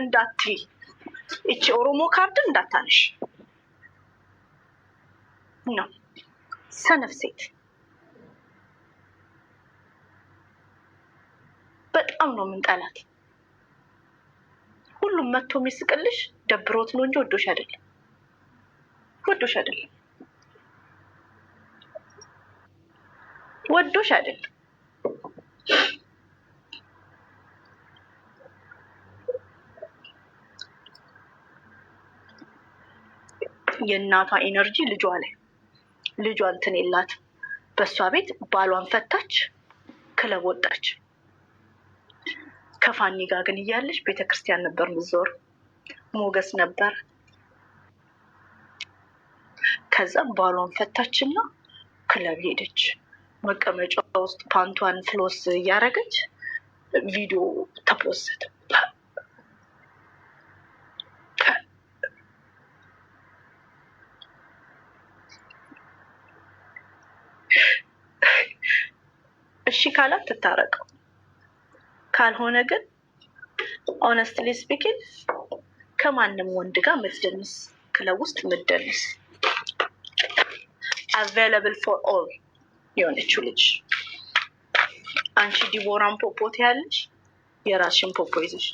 እንዳትይ፣ እቺ ኦሮሞ ካርድ እንዳታነሽ ነው። ሰነፍ ሴት በጣም ነው የምንጠላት። ሁሉም መጥቶ የሚስቅልሽ ደብሮት ነው እንጂ ወዶሽ አይደለም፣ ወዶሽ አይደለም፣ ወዶሽ አይደለም። የእናቷ ኤነርጂ ልጇ ላይ ልጇ እንትን የላት በእሷ ቤት ባሏን ፈታች፣ ክለብ ወጣች። ከፋኒ ጋር ግን እያለች ቤተክርስቲያን ነበር ምዞር ሞገስ ነበር። ከዛም ባሏን ፈታችና ክለብ ሄደች። መቀመጫ ውስጥ ፓንቷን ፍሎስ እያደረገች ቪዲዮ ተፖሰተ። ካላት ትታረቀው፣ ካልሆነ ግን ኦነስትሊ ስፒኪንግ ከማንም ወንድ ጋር ምትደንስ ክለብ ውስጥ ምትደንስ አቬለብል ፎር ኦል የሆነችው ልጅ አንቺ ዲቦራን ፖፖት ያለሽ የራስሽን ፖፖ ይዘሽ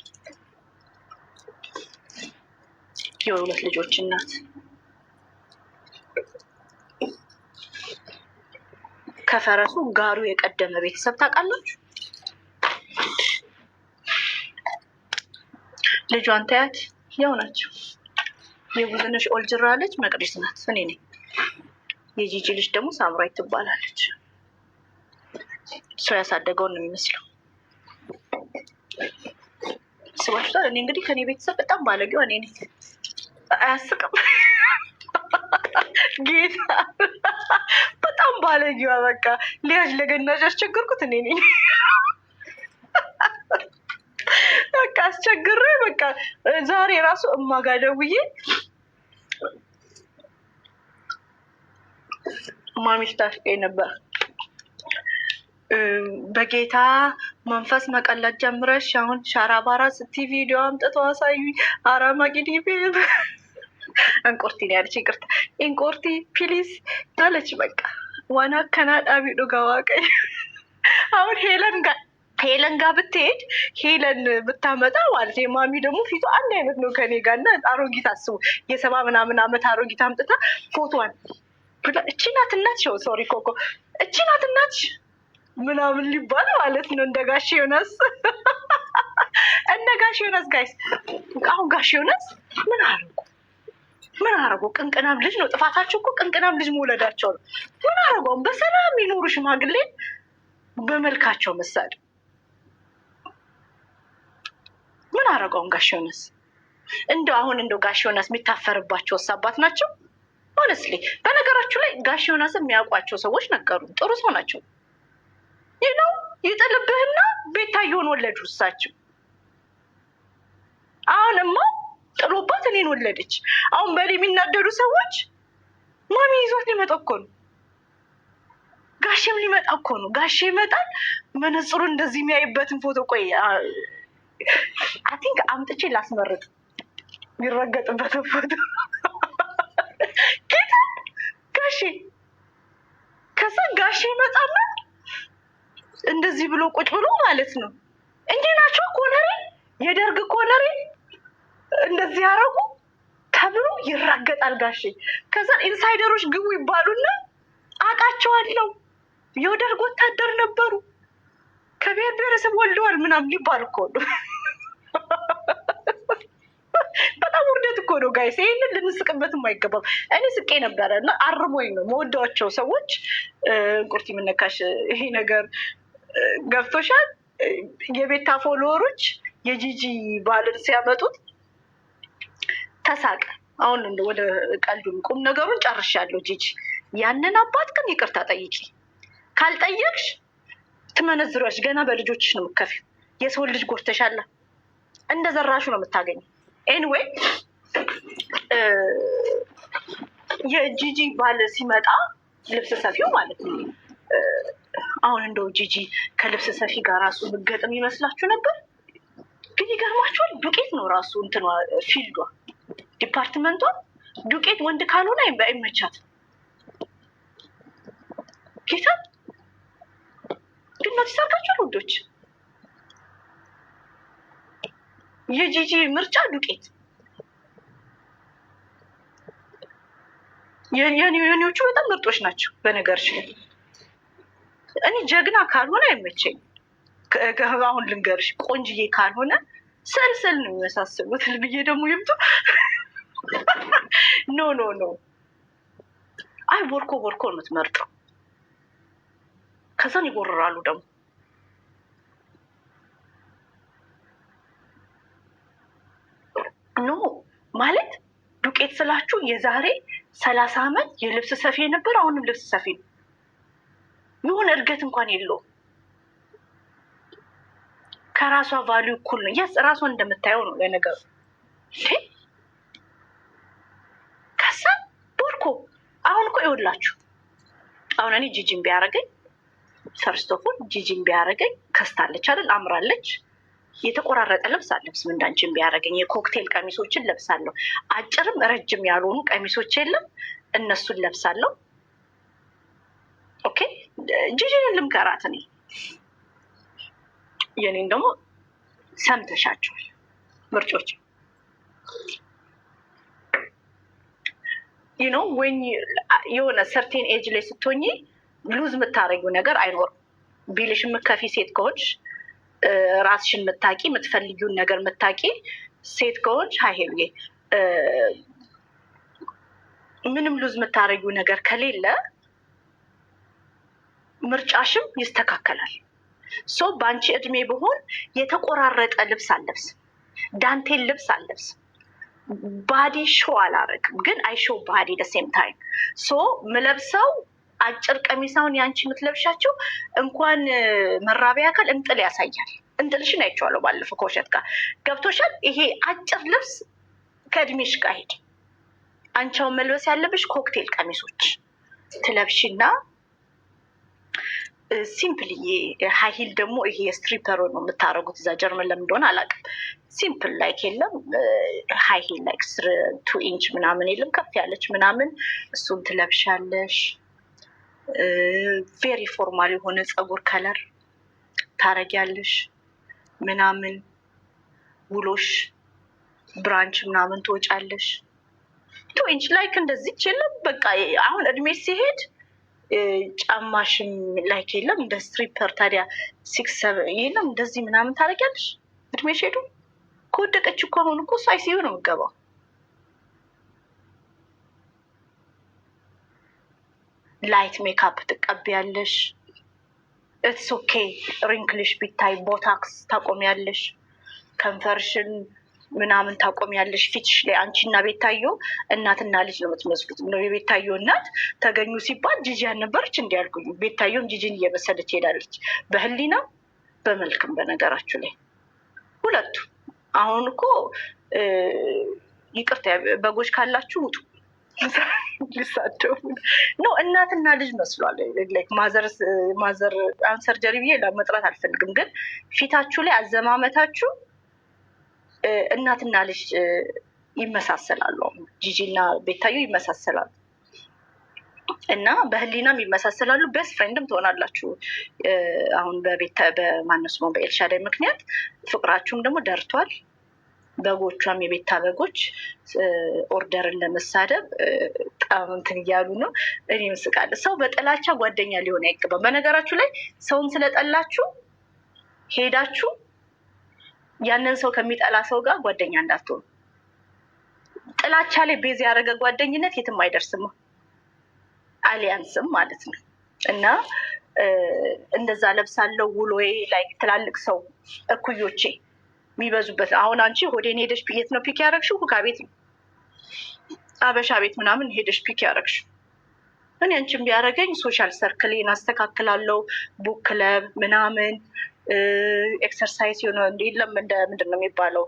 የሁለት ልጆች እናት ከፈረሱ ጋሩ የቀደመ ቤተሰብ ታውቃላችሁ። ልጇን ታያት፣ ያው ናቸው። የቡዝንሽ ኦልጅራ ልጅ መቅደስ ናት፣ እኔ ነኝ። የጂጂ ልጅ ደግሞ ሳምራይ ትባላለች። ሰው ያሳደገውን ነው የሚመስለው። ስባችታል። እኔ እንግዲህ ከኔ ቤተሰብ በጣም ባለጌዋ እኔ ነኝ። አያስቅም ጌታ በጣም ባለጌዋ በቃ ሊያጅ ለገናጅ አስቸገርኩት እኔ ነኝ። በቃ አስቸግረ በቃ ዛሬ ራሱ እማጋ ደውዬ ማሚሽ ታሽቀኝ ነበር። በጌታ መንፈስ መቀለድ ጀምረሽ አሁን ሻራባራ ስቲ ቪዲዮ አምጥተው አሳዩኝ። አራማቂ ዲቪ እንቁርቲ ነው ያለች። ይቅርታ እንቁርቲ ፕሊዝ አለች። በቃ ዋና ከና ጣቢ ዱጋ ጋዋቀኝ አሁን ሄለን ጋር ሄለን ጋር ብትሄድ ሄለን ብታመጣ ማለት የማሚ ደግሞ ፊቱ አንድ አይነት ነው ከኔ ጋር እና አሮጊት አስቡ፣ የሰባ ምናምን አመት አሮጊት አምጥታ ፎቶዋን እቺ ናት እናትሽ፣ ሶሪ ኮኮ እቺ ናት እናትሽ ምናምን ሊባል ማለት ነው እንደ ጋሽ ዮናስ እነ ጋሽ ዮናስ ጋይስ አሁን ጋሽ ዮናስ ምን አረጉ? ምን አረጉ? ቅንቅናም ልጅ ነው ጥፋታቸው እኮ ቅንቅናም ልጅ መውለዳቸው ነው። ምን አረገውም? በሰላም የሚኖሩ ሽማግሌ በመልካቸው መሳድ ምን አረጋውን? ጋሽ ዮናስ እንደው አሁን እንደው ጋሽ ዮናስ የሚታፈርባቸው አባት ናቸው። ሆነስሊ በነገራችሁ ላይ ጋሽ ዮናስ የሚያውቋቸው ሰዎች ነገሩ ጥሩ ሰው ናቸው። ይህ ነው ይጥልብህና ቤታየሆን ወለዱ እሳቸው እኔን ወለደች። አሁን በእኔ የሚናደዱ ሰዎች ማሚ ይዞት ሊመጣ እኮ ነው፣ ጋሼም ሊመጣ እኮ ነው። ጋሼ ይመጣል። መነጽሩን እንደዚህ የሚያይበትን ፎቶ ቆይ አይ ቲንክ አምጥቼ ላስመርጥ የሚረገጥበትን ፎቶ ጌታ ጋሼ ከዛ ጋሼ ይመጣና እንደዚህ ብሎ ቁጭ ብሎ ማለት ነው። እንዴ ናቸው ኮነሬ የደርግ ኮነሬ እንደዚህ ያረጉ ተብሎ ይራገጣል ጋሼ። ከዛ ኢንሳይደሮች ግቡ ይባሉና አውቃቸዋለሁ የወደርግ ወታደር ነበሩ ከብሔር ብሔረሰብ ወልደዋል ምናምን ይባል እኮ ነው። በጣም ውርደት እኮ ነው ጋይስ። ይህንን ልንስቅበትም አይገባም። እኔ ስቄ ነበረ እና አርሞኝ ነው መወዳቸው ሰዎች እንቁርቲ የምነካሽ ይሄ ነገር ገብቶሻል። የቤታ ፎሎወሮች የጂጂ ባልን ሲያመጡት ተሳቀ። አሁን እንደ ወደ ቀልዱ ቁም ነገሩን ጨርሻለሁ። ጂጂ ያንን አባት ግን ይቅርታ ጠይቂ። ካልጠየቅሽ ትመነዝሪያለሽ። ገና በልጆችሽ ነው የምትከፊው። የሰው ልጅ ጎርተሻለ እንደ ዘራሹ ነው የምታገኘው። ኤኒዌይ የጂጂ ባል ሲመጣ ልብስ ሰፊው ማለት ነው። አሁን እንደው ጂጂ ከልብስ ሰፊ ጋር ራሱ ምገጥም ይመስላችሁ ነበር? ግን ይገርማችኋል፣ ዱቄት ነው ራሱ እንትኗ ፊልዷ ዲፓርትመንቷ ዱቄት ወንድ ካልሆነ አይመቻት ጌታ ግን ኖቲስ አድርጋችኋል ውዶች? የጂጂ ምርጫ ዱቄት የኔዎቹ በጣም ምርጦች ናቸው። በነገርሽ ላይ እኔ ጀግና ካልሆነ አይመቸኝ። አሁን ልንገርሽ ቆንጅዬ ካልሆነ ሰልሰል ነው የሚመሳስሉት ልብዬ ደግሞ ይምጡ ኖ ኖ ኖ አይ ቦርኮ ቦርኮ ነው የምትመርጠው። ከዛን ይጎርራሉ ደግሞ ኖ ማለት ዱቄት ስላችሁ የዛሬ ሰላሳ አመት የልብስ ሰፊ ነበር፣ አሁንም ልብስ ሰፊ ነው። የሆነ እድገት እንኳን የለውም። ከራሷ ቫሊዩ እኩል ነው። የስ ራሷን እንደምታየው ነው ለነገሩ አሁን እኮ ይኸውላችሁ አሁን እኔ ጂጂን ቢያደርገኝ ሰርስቶፎን ጂጂን ቢያደርገኝ ከስታለች አይደል? አምራለች። የተቆራረጠ ልብስ አለብስ ምንዳንችን ቢያደርገኝ የኮክቴል ቀሚሶችን ለብሳለሁ። አጭርም ረጅም ያልሆኑ ቀሚሶች የለም እነሱን ለብሳለሁ። ኦኬ ጂጂን ልምከራት እኔ የኔን ደግሞ ሰምተሻቸዋል ምርጮች ዩኖ uh, የሆነ ሰርቴን ኤጅ ላይ ስትሆኝ ሉዝ የምታደረጊው ነገር አይኖርም። ቢልሽ የምከፊ ሴት ከሆንሽ ራስሽን የምታቂ የምትፈልጊውን ነገር የምታቂ ሴት ከሆንሽ ሀይሄሉ ምንም ሉዝ የምታደረጊው ነገር ከሌለ ምርጫሽም ይስተካከላል። ሶ በአንቺ እድሜ ብሆን የተቆራረጠ ልብስ አለብስም፣ ዳንቴል ልብስ አለብስም ባዲ ሾ አላረግም፣ ግን አይ ሾው ባዲ ደሴም ታይም ሶ ምለብሰው አጭር ቀሚሳውን ያንቺ የምትለብሻቸው እንኳን መራቢያ አካል እንጥል ያሳያል። እንጥልሽን አይቼዋለሁ ባለፈው ከውሸት ጋር ገብቶሻል። ይሄ አጭር ልብስ ከእድሜሽ ጋር ሄድ። አንቺ መልበስ ያለብሽ ኮክቴል ቀሚሶች ትለብሽና ሲምፕል ሀይሂል ደግሞ ይሄ ስትሪፐር ነው የምታደረጉት እዛ ጀርመን ለምን እንደሆነ አላውቅም። ሲምፕል ላይክ የለም ሀይሂል ላይክ ላይክ ቱ ኢንች ምናምን የለም ከፍ ያለች ምናምን እሱን ትለብሻለሽ። ቬሪ ፎርማል የሆነ ፀጉር ከለር ታረጊያለሽ ምናምን ውሎሽ ብራንች ምናምን ትወጫለሽ። ቱ ኢንች ላይክ እንደዚች የለም በቃ አሁን እድሜ ሲሄድ ጫማሽም ላይክ የለም እንደ ስትሪፐር ታዲያ ሲክስ የለም እንደዚህ ምናምን ታደርጊያለሽ። እድሜ ሄዱ ከወደቀች እኮ አሁን እኮ እሱ አይሲዩ ነው የምትገባው። ላይት ሜካፕ ትቀቢያለሽ። ኢትስ ኦኬ ሪንክልሽ ቢታይ ቦታክስ ታቆሚያለሽ። ከንፈርሽን ምናምን ታቆሚያለሽ ፊትሽ ላይ እና ቤታዮ እናትና ልጅ ነው የምትመስሉት። የቤታዮ እናት ተገኙ ሲባል ጂጂ ያልነበረች እንዲ ያልኩኝ ቤታዮም ጂጂን እየመሰለች ትሄዳለች፣ በህሊና በመልክም። በነገራችሁ ላይ ሁለቱ አሁን እኮ ይቅርታ በጎች ካላችሁ ውጡ ሊሳደቡ ነው። እናትና ልጅ መስሏል። ማዘር አንሰርጀሪ ብዬ ለመጥራት አልፈልግም፣ ግን ፊታችሁ ላይ አዘማመታችሁ እናትና ልጅ ይመሳሰላሉ። ጂጂ እና ቤታዮ ይመሳሰላሉ እና በህሊናም ይመሳሰላሉ። ቤስት ፍሬንድም ትሆናላችሁ። አሁን በማነሱ በኤልሻዳይ ምክንያት ፍቅራችሁም ደግሞ ደርቷል። በጎቿም የቤታ በጎች ኦርደርን ለመሳደብ ጣምንትን እያሉ ነው። እኔም ምስቃለ ሰው በጥላቻ ጓደኛ ሊሆን አይገባም። በነገራችሁ ላይ ሰውን ስለጠላችሁ ሄዳችሁ ያንን ሰው ከሚጠላ ሰው ጋር ጓደኛ እንዳትሆኑ። ጥላቻ ላይ ቤዝ ያደረገ ጓደኝነት የትም አይደርስም፣ አሊያንስም ማለት ነው። እና እንደዛ ለብሳለው ውሎዬ ላይ ትላልቅ ሰው እኩዮቼ የሚበዙበት አሁን አንቺ ሆዴን ሄደሽ የት ነው ፒክ ያደረግሽው? ሁካ ቤት ነው አበሻ ቤት ምናምን ሄደሽ ፒክ ያደረግሽው። እኔ አንቺም ቢያደረገኝ ሶሻል ሰርክሌን አስተካክላለው ቡክ ክለብ ምናምን ኤክሰርሳይዝ የሆነ የለም እንደ ምንድን ነው የሚባለው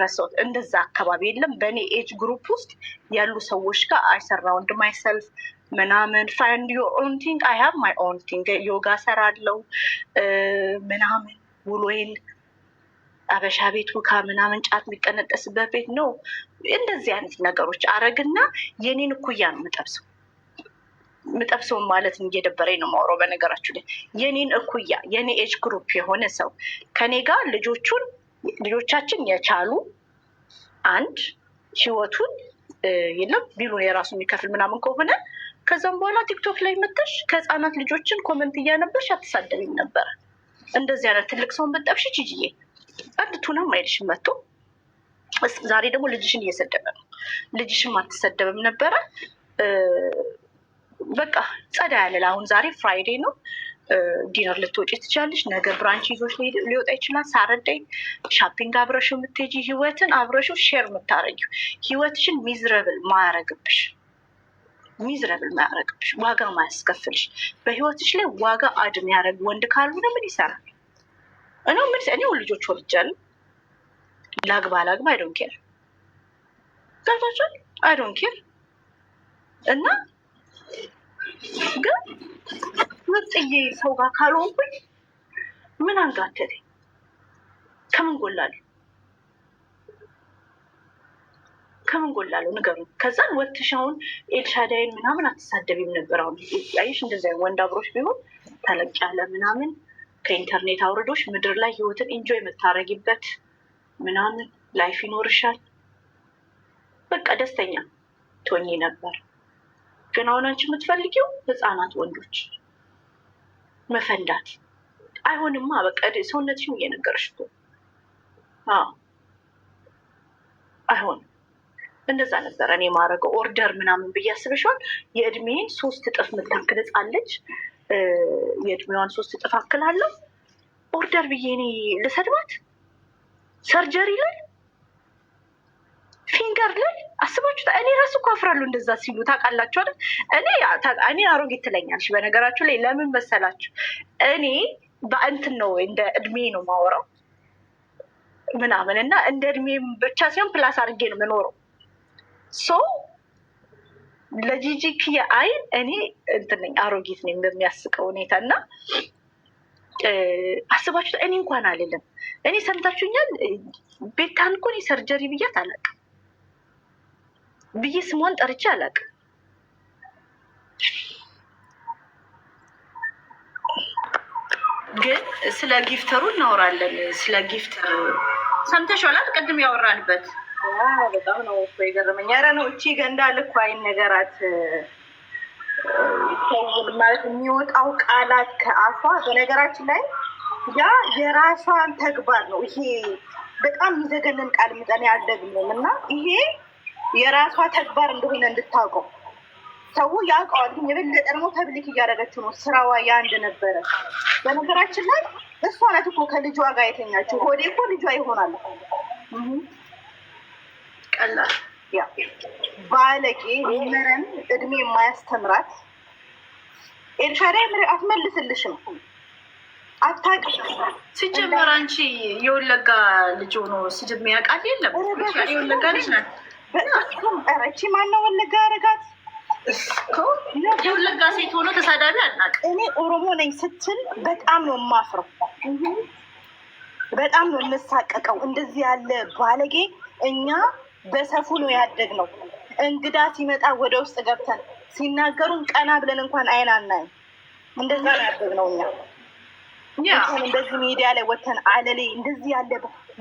ረሰት እንደዛ አካባቢ የለም። በእኔ ኤጅ ግሩፕ ውስጥ ያሉ ሰዎች ጋር አይሰራውንድ ማይሰልፍ ምናምን ፋይንድ ዮር ኦን ቲንግ አይ ሃቭ ማይ ኦን ቲንግ ዮጋ ሰራለው ምናምን ውሎይን አበሻ ቤት ውካ ምናምን ጫት የሚቀነጠስበት ቤት ነው። እንደዚህ አይነት ነገሮች አረግና የኔን እኩያ ነው የምጠብሰው። ምጠብሰውን ማለት እየደበረኝ ነው ማውራው። በነገራችሁ ላይ የኔን እኩያ የኔ ኤጅ ግሩፕ የሆነ ሰው ከኔ ጋር ልጆቹን ልጆቻችን የቻሉ አንድ ህይወቱን የለም ቢሉን የራሱ የሚከፍል ምናምን ከሆነ ከዛም በኋላ ቲክቶክ ላይ መጥተሽ ከህፃናት ልጆችን ኮመንት እያነበርሽ አትሳደብኝ ነበር እንደዚህ አይነት ትልቅ ሰውን በጠብሽ ጅጅዬ አንድ ቱናም አይልሽም መጥቶ ዛሬ ደግሞ ልጅሽን እየሰደበ ነው። ልጅሽም አትሰደብም ነበረ። በቃ ጸዳ ያለ አሁን ዛሬ ፍራይዴ ነው። ዲነር ልትወጪ ትችላለች። ነገ ብራንች ይዞች ሊወጣ ይችላል። ሳረዳይ ሻፒንግ አብረሹ የምትሄጂ ህይወትን አብረሹ ሼር የምታረጊ ህይወትሽን ሚዝረብል ማያረግብሽ ሚዝረብል ማያረግብሽ ዋጋ ማያስከፍልሽ በህይወትሽ ላይ ዋጋ አድ ያደረግ ወንድ ካልሆነ ምን ይሰራል? እኔ ምን እኔ ልጆች ወልጃለሁ። ላግባ ላግባ አይዶንኬር ኬር አይዶንኬር እና ግን ሰው ጋር ካልሆንኩኝ ምን አንጋቸተኝ? ከምን ጎላለሁ? ከምን ጎላለሁ? ንገሩ። ከዛን ወትሻውን ኤልሻዳይን ምናምን አትሳደቢም ነበር። አሁን አየሽ፣ እንደዚ ወንድ አብሮች ቢሆን ተለቅ ያለ ምናምን ከኢንተርኔት አውርዶች ምድር ላይ ህይወትን ኢንጆይ የምታደርጊበት ምናምን ላይፍ ይኖርሻል። በቃ ደስተኛ ትሆኚ ነበር። ማከናወን አንቺ የምትፈልጊው ህፃናት ወንዶች መፈንዳት አይሆንማ። በቃ ሰውነትሽን እየነገርሽ እኮ አይሆንም። እንደዛ ነበረ እኔ የማደርገው ኦርደር ምናምን ብዬ አስበሽዋል። የእድሜን ሶስት እጥፍ ምታክል ህፃለች የእድሜዋን ሶስት እጥፍ አክላለሁ። ኦርደር ብዬ እኔ ልሰድባት ሰርጀሪ ላይ ፊንገር ላይ አስባችሁታ። እኔ ራሱ እኮ አፍራለሁ እንደዛ ሲሉ ታውቃላችሁ አይደል? እኔ እኔ አሮጌት ትለኛለች። በነገራችሁ ላይ ለምን መሰላችሁ? እኔ በእንትን ነው እንደ እድሜ ነው ማወራው ምናምን እና እንደ እድሜ ብቻ ሲሆን ፕላስ አድርጌ ነው የምኖረው። ሶ ለጂጂ ክያ አይን እኔ እንትን ነኝ አሮጌት ነኝ በሚያስቀው ሁኔታ እና አስባችሁታ። እኔ እንኳን አልልም። እኔ ሰምታችሁኛል። ቤታን እኮ እኔ ሰርጀሪ ብያት አላውቅም ብዬ ስሟን ጠርቼ አላውቅም። ግን ስለ ጊፍተሩ እናወራለን። ስለ ጊፍት ሰምተሻል? ቅድም ያወራንበት በጣም ነው እኮ የገረመኝ። ኧረ ነው እቺ ገንዳ ልኮ አይን ነገራት ማለት የሚወጣው ቃላት ከአፏ በነገራችን ላይ ያ የራሷን ተግባር ነው። ይሄ በጣም የሚዘገንን ቃል ምጠን ያልደግምም እና ይሄ የራሷ ተግባር እንደሆነ እንድታውቀው ሰው ያውቀዋል። ግን የበለጠ ደግሞ ፐብሊክ እያደረገችው ነው። ስራዋ ያ እንደነበረ በነገራችን ላይ እሷ ናት እኮ ከልጇ ጋር የተኛችው። ሆዴ እኮ ልጇ ይሆናል። ቀላል ያ ባለጌ ምርን እድሜ የማያስተምራት ኤልሻዳይ ምር አትመልስልሽም፣ አታውቅም። ሲጀመር አንቺ የወለጋ ልጅ ሆኖ ሲድሜ ያውቃል የለም የወለጋ ልጅ ናት በጣም ረቺ ማነው ወለጋ ያረጋት? የወለጋ ሴት ሆኖ ተሳዳቢ አናውቅም። እኔ ኦሮሞ ነኝ ስትል በጣም ነው የማፍረው፣ በጣም ነው የምሳቀቀው። እንደዚህ ያለ ባለጌ እኛ በሰፉ ነው ያደግ ነው። እንግዳ ሲመጣ ወደ ውስጥ ገብተን ሲናገሩን ቀና ብለን እንኳን አይን አናይም። እንደዛ ነው ያደግ ነው እኛ ወተን እንደዚህ ሚዲያ ላይ ወተን አለሌ እንደዚህ ያለ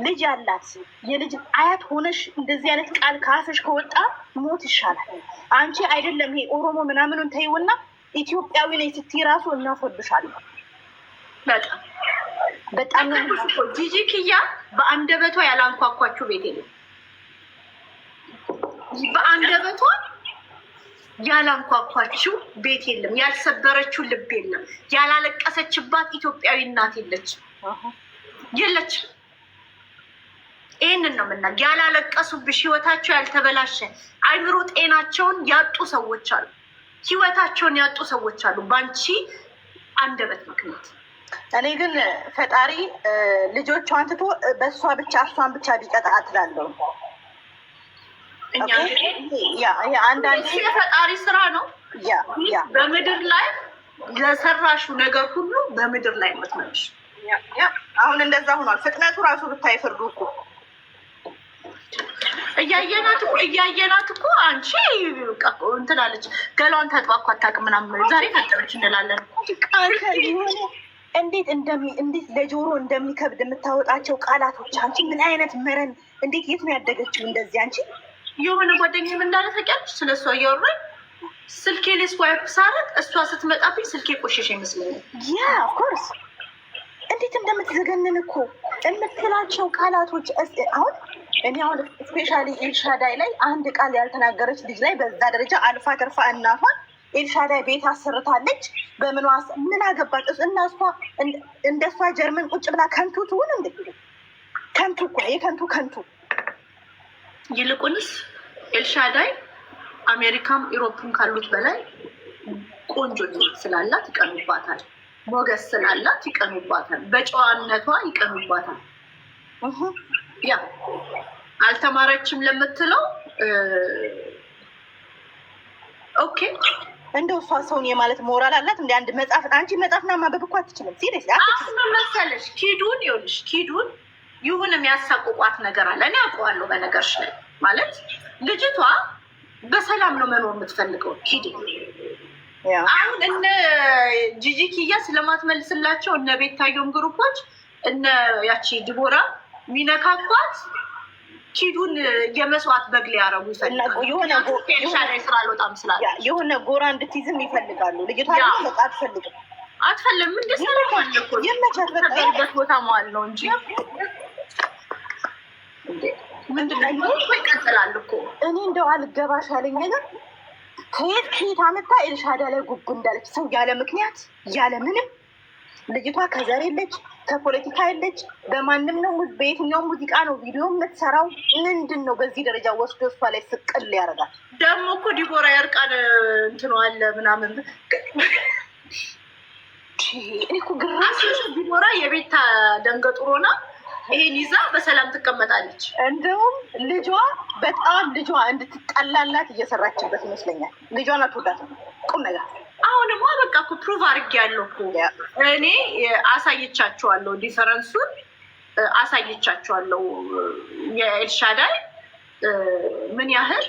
ልጅ አላት የልጅ አያት ሆነሽ እንደዚህ አይነት ቃል ካፈሽ ከወጣ ሞት ይሻላል። አንቺ አይደለም ይሄ ኦሮሞ ምናምኑን ተይውና ኢትዮጵያዊ ነኝ ስትይ ራሱ እናፈብሻለን። በጣም በጣም ነው ጂጂ ኪያ በአንደበቷ ያላንኳኳችሁ ቤት የለም በአንደበቷ ያላንኳኳችው ቤት የለም፣ ያልሰበረችው ልብ የለም፣ ያላለቀሰችባት ኢትዮጵያዊ እናት የለች የለች። ይህንን ነው ምና ያላለቀሱብሽ ህይወታቸው ያልተበላሸ አይምሮ ጤናቸውን ያጡ ሰዎች አሉ። ህይወታቸውን ያጡ ሰዎች አሉ በአንቺ አንደበት ምክንያት። እኔ ግን ፈጣሪ ልጆቿን ትቶ በእሷ ብቻ እሷን ብቻ ቢቀጣ አትላለሁ የፈጣሪ ስራ ነው። በምድር ላይ ለሰራሹ ነገር ሁሉ በምድር ላይ መትመሽ አሁን እንደዛ ሆኗል። ፍጥነቱ ራሱ ብታይ ፍርዱ እኮ እያየናት እያየናት እኮ አንቺ እንትን አለች ገላዋን ታጥባ እኮ አታውቅም ምናምን ዛሬ ፈጠረች እንላለን። እንዴት እንዴት ለጆሮ እንደሚከብድ የምታወጣቸው ቃላቶች አንቺ ምን አይነት መረን! እንዴት የት ነው ያደገችው እንደዚህ አንቺ የሆነ ጓደኛ ምን እንዳለ ታውቂያለሽ? ስለ እሷ እያወራኝ ስልኬ ላይ ስዋይፕ ሳረግ እሷ ስትመጣብኝ ስልኬ ቆሸሽ ይመስለኛል። ያ ኦፍኮርስ እንዴት እንደምትዘገንን እኮ የምትላቸው ቃላቶች አሁን እኔ አሁን ስፔሻሊ ኤልሻዳይ ላይ አንድ ቃል ያልተናገረች ልጅ ላይ በዛ ደረጃ አልፋ ተርፋ እናቷን ኤልሻዳይ ቤት አሰርታለች። በምንዋስ ምን አገባት እና እሷ እንደ እሷ ጀርመን ቁጭ ብላ ከንቱ ትሁን እንዴ? ከንቱ እኮ የከንቱ ከንቱ ይልቁንስ ኤልሻዳይ አሜሪካም ኢሮፕን ካሉት በላይ ቆንጆ ስላላት ይቀኑባታል። ሞገስ ስላላት ይቀኑባታል። በጨዋነቷ ይቀኑባታል። ያ አልተማረችም ለምትለው ኦኬ እንደው እሷ ሰውን የማለት ሞራል አላት። እንደ አንድ መጽሐፍ አንቺ መጽሐፍና ማንበብ እኮ አትችልም። ሲሪየስ መሰለሽ ኪዱን ይኸውልሽ ኪዱን ይሁን የሚያሳቁቋት ነገር አለ። እኔ አውቀዋለሁ። በነገርሽ ላይ ማለት ልጅቷ በሰላም ነው መኖር የምትፈልገው። ሂድ አሁን እነ ጂጂ ኪያ ስለማትመልስላቸው እነ ቤታየውም ግሩፖች እነ ያቺ ድቦራ ሚነካኳት ኪዱን የመስዋዕት በግ ሊያረጉ ስራ የሆነ ጎራ እንድትይዝም ይፈልጋሉ። ልጅቷ በቃ አትፈልግም፣ አትፈልግም። እንደሰራ ይመቻት፣ በተለበት ቦታ መዋል ነው እንጂ እኔ እንደው አልገባሽ ያለኝ ነገር ከየት ከየት አመታ ኤልሻዳ ላይ ጉጉ እንዳለች ሰው ያለ ምክንያት ያለ ምንም ልጅቷ ከዘር የለች ከፖለቲካ የለች። በማንም ነው በየትኛው ሙዚቃ ነው ቪዲዮ የምትሰራው? ምንድን ነው በዚህ ደረጃ ወስዶ እሷ ላይ ስቅል ያደርጋል? ደግሞ እኮ ዲቦራ ያርቃል እንትነዋለ ምናምን እኔ እኮ ግራ ዲቦራ የቤታ ደንገጡሮና ይሄን ይዛ በሰላም ትቀመጣለች። እንደውም ልጇ በጣም ልጇ እንድትጠላላት እየሰራችበት ይመስለኛል። ልጇን አትወዳት ቁም ነገር አሁንማ በቃ እኮ ፕሩቭ አድርጌያለሁ እኮ እኔ አሳይቻችኋለሁ፣ ዲፈረንሱን አሳይቻችኋለሁ። የኤልሻዳይ ምን ያህል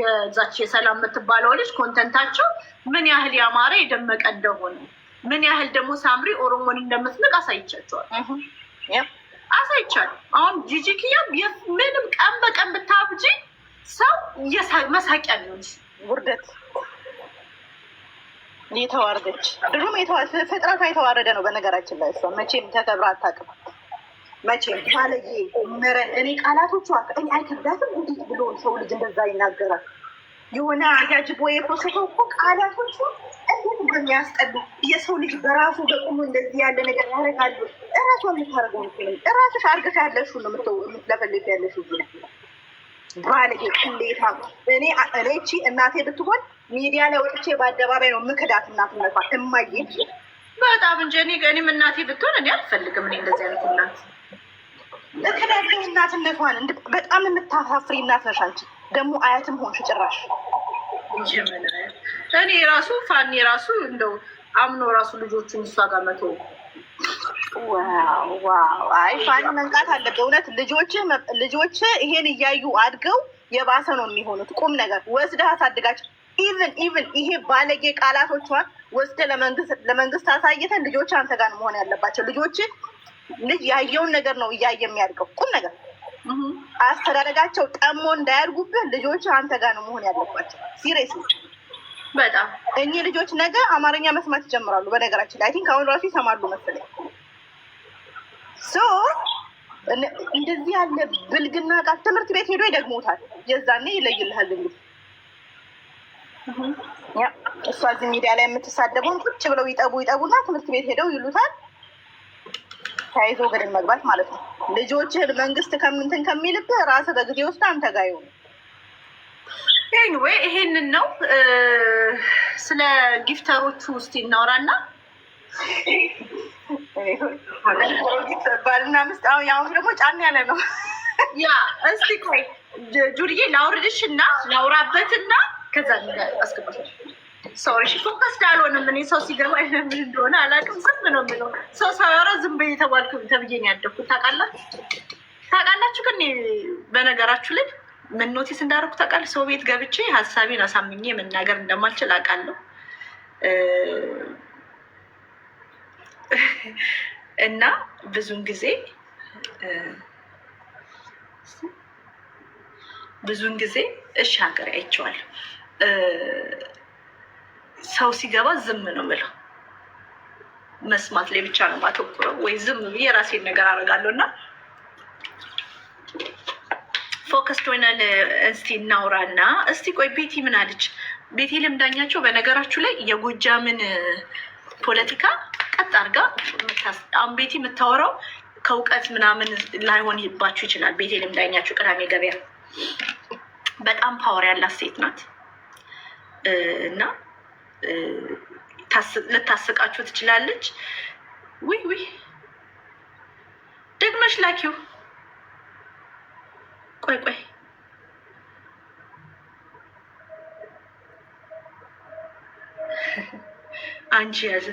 የዛች የሰላም የምትባለው ልጅ ኮንተንታቸው ምን ያህል ያማረ የደመቀ እንደሆነ ምን ያህል ደግሞ ሳምሪ ኦሮሞን እንደምትንቅ አሳይቻቸዋል? አሳይቻል። አሁን ጂጂ ምንም ቀን በቀን ብታብጂ ሰው መሳቂያ ሊሆን ውርደት የተዋረደች ድሮም ፍጥረቷ የተዋረደ ነው። በነገራችን ላይ እሷ መቼም ተከብራ አታውቅም። መቼም ባለጌ ምረን እኔ ቃላቶቿ እኔ አይከብዳትም። እንዴት ብሎ ሰው ልጅ እንደዛ ይናገራል? የሆነ አጃጅቦ የፖሰተው እኮ ቃላቶቹ እንዴት እንደሚያስጠሉ የሰው ልጅ በራሱ በቁሙ እንደዚህ ያለ ነገር ያደርጋሉ። እራሷ የምታደርገው ምክንም እራስሽ አርገሽ ያለሹ ነው የምትለፈልፍ ያለሹ ባለጌ ቅሌታ። እኔ እኔቺ እናቴ ብትሆን ሚዲያ ላይ ወጥቼ በአደባባይ ነው ምክዳት እናትነቷ እማዬ በጣም እንጂ እኔ ከእኔም እናቴ ብትሆን እኔ አልፈልግም። እኔ እንደዚህ አይነት እናት ምክዳት እናትነቷን በጣም የምታሳፍሪ እናት ነሽ አንቺ። ደግሞ አያትም ሆንሽ ጭራሽ እኔ ራሱ ፋኔ ራሱ እንደው አምኖ ራሱ ልጆቹን እሷ ጋር መቶ አይ ፋኒ መንቃት አለበት። እውነት ልጆች ይሄን እያዩ አድገው የባሰ ነው የሚሆኑት። ቁም ነገር ወስደህ አሳድጋቸው። ኢቭን ኢቭን ይሄ ባለጌ ቃላቶቿን ወስደህ ለመንግስት አሳይተን ልጆች አንተ ጋር መሆን ያለባቸው። ልጆች ልጅ ያየውን ነገር ነው እያየ የሚያድገው ቁም ነገር አስተዳደጋቸው ጠሞ እንዳያድጉብህ ልጆች አንተ ጋር ነው መሆን ያለባቸው። ሲሪየስ በጣም እኚህ ልጆች ነገ አማርኛ መስማት ይጀምራሉ። በነገራችን ላይ አይ ቲንክ አሁን ራሱ ይሰማሉ መሰለኝ። ሶ እንደዚህ ያለ ብልግና ቃል ትምህርት ቤት ሄዶ ይደግሞታል። የዛኔ ይለይልሃል እንግዲህ እሷ እዚህ ሚዲያ ላይ የምትሳደበውን ቁጭ ብለው ይጠቡ ይጠቡና ትምህርት ቤት ሄደው ይሉታል። ተያይዞ ገደል መግባት ማለት ነው። ልጆችህን መንግስት ከምንትን ከሚልብህ ራስ በጊዜ ውስጥ አንተ ጋ ይሆኑ። ኤኒዌይ ይሄንን ነው ስለ ጊፍተሮቹ ውስጥ እናውራና ባልና ምስት አሁን ደግሞ ጫን ያለ ነው። ያ እስቲ ቆይ ጁርዬ ላውርድሽ እና ላውራበት ላውራበትና ከዛ አስገባሽ ሶሪ ፎከስ ዳልሆንም እኔ ሰው ሲገባኝ ምን እንደሆነ አላውቅም። ዝም ነው የምለው። ሰው ሳያወራ ዝም ብዬ ተባልኩ ተብዬ ነው ያደግኩት። ታውቃላችሁ ታውቃላችሁ። ግን በነገራችሁ ላይ ምን ኖቲስ እንዳደረኩ ታውቃለህ? ሰው ቤት ገብቼ ሀሳቤን አሳምኜ መናገር እንደማልችል አውቃለሁ። እና ብዙን ጊዜ ብዙን ጊዜ እሺ ሀገር አይቼዋለሁ ሰው ሲገባ ዝም ነው ምለው መስማት ላይ ብቻ ነው ማተኩረው፣ ወይ ዝም ብዬ የራሴን ነገር አደርጋለሁ። እና ፎከስድ ሆነን እስቲ እናውራ እና እስቲ ቆይ ቤቲ ምን አለች? ቤቲ ልምዳኛቸው በነገራችሁ ላይ የጎጃምን ፖለቲካ ቀጥ አድርጋ አሁን ቤቲ የምታወራው ከእውቀት ምናምን ላይሆን ይባችሁ ይችላል። ቤቴ ልምዳኛችሁ ቅዳሜ ገበያ በጣም ፓወር ያላት ሴት ናት እና ልታስቃችሁ ትችላለች። ውይ ውይ ደግመሽ ላኪው። ቆይ ቆይ አንቺ ያዘ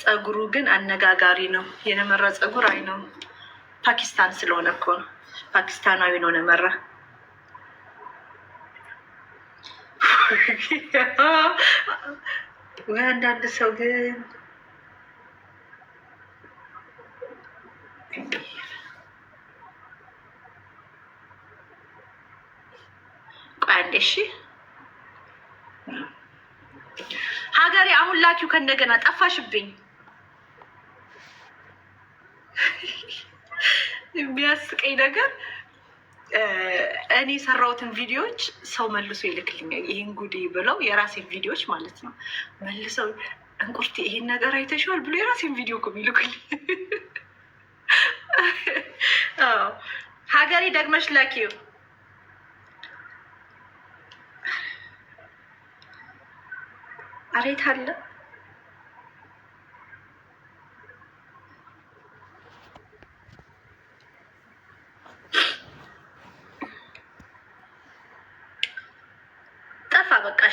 ፀጉሩ ግን አነጋጋሪ ነው። የነመራ ፀጉር አይ ነው ፓኪስታን ስለሆነ እኮ ነው። ፓኪስታናዊ ነው ነመራ ወይ አንዳንድ ሰው ግን አንዴ ሀገሬ አሁን ላኪው ከእንደገና ጠፋሽብኝ። የሚያስቀኝ ነገር እኔ የሰራሁትን ቪዲዮዎች ሰው መልሶ ይልክልኛል። ይህን ጉዴ ብለው የራሴን ቪዲዮዎች ማለት ነው መልሰው እንቁርቲ ይህን ነገር አይተሸዋል ብሎ የራሴን ቪዲዮ እኮ የሚልኩልኝ። ሀገሬ ደግመሽ ላኪው አሬት አለ በቃ